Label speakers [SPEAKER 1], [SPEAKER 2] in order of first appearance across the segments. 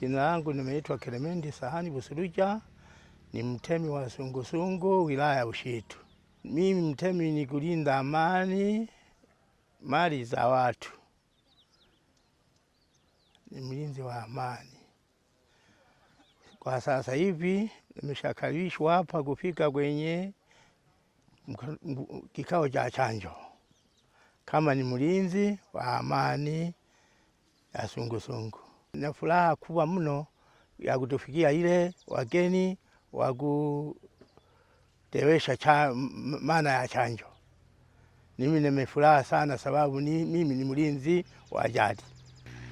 [SPEAKER 1] Jina langu nimeitwa Kelemendi Sahani Busuluja, ni mtemi wa sungusungu wilaya ya Ushitu. Mimi mtemi ni kulinda amani, mali za watu, ni mlinzi wa amani. Kwa sasa hivi nimeshakalishwa hapa kufika kwenye kikao cha chanjo kama ni mlinzi wa amani ya sungusungu na furaha kubwa mno ya kutufikia ile wageni wa kutewesha cha maana ya chanjo. Mimi nimefuraha sana sababu ni, mimi ni mlinzi wa jadi,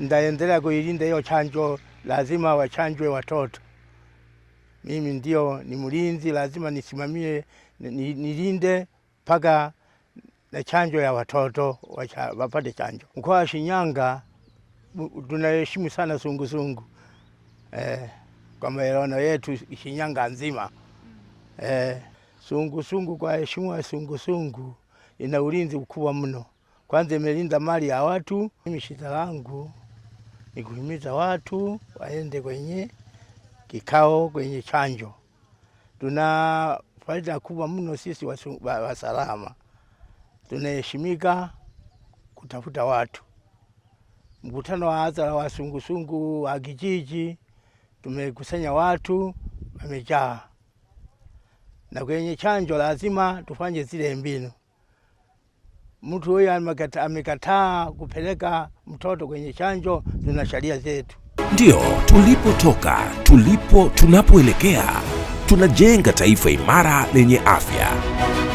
[SPEAKER 1] ndaendelea kuilinda hiyo chanjo. Lazima wachanjwe watoto. Mimi ndio ni mlinzi, lazima nisimamie, nilinde mpaka na chanjo ya watoto wapate chanjo. Mkoa wa Shinyanga tunaheshimu sana sungusungu eh, kwa maelewano yetu Shinyanga nzima eh, sungusungu kwa heshima ya sungusungu ina ulinzi mkubwa mno. Kwanza imelinda mali ya watu. Mimi shida langu ni kuhimiza watu waende kwenye kikao, kwenye chanjo. Tuna faida kubwa mno sisi wasalama, tunaheshimika kutafuta watu mkutano wa hadhara wa sungusungu wa kijiji, tumekusanya watu wamejaa, na kwenye chanjo lazima tufanye zile mbinu. Mtu huyo amekataa kupeleka mtoto kwenye chanjo, tuna sheria zetu. Ndio tulipotoka, tulipo, tunapoelekea, tunajenga taifa imara lenye afya.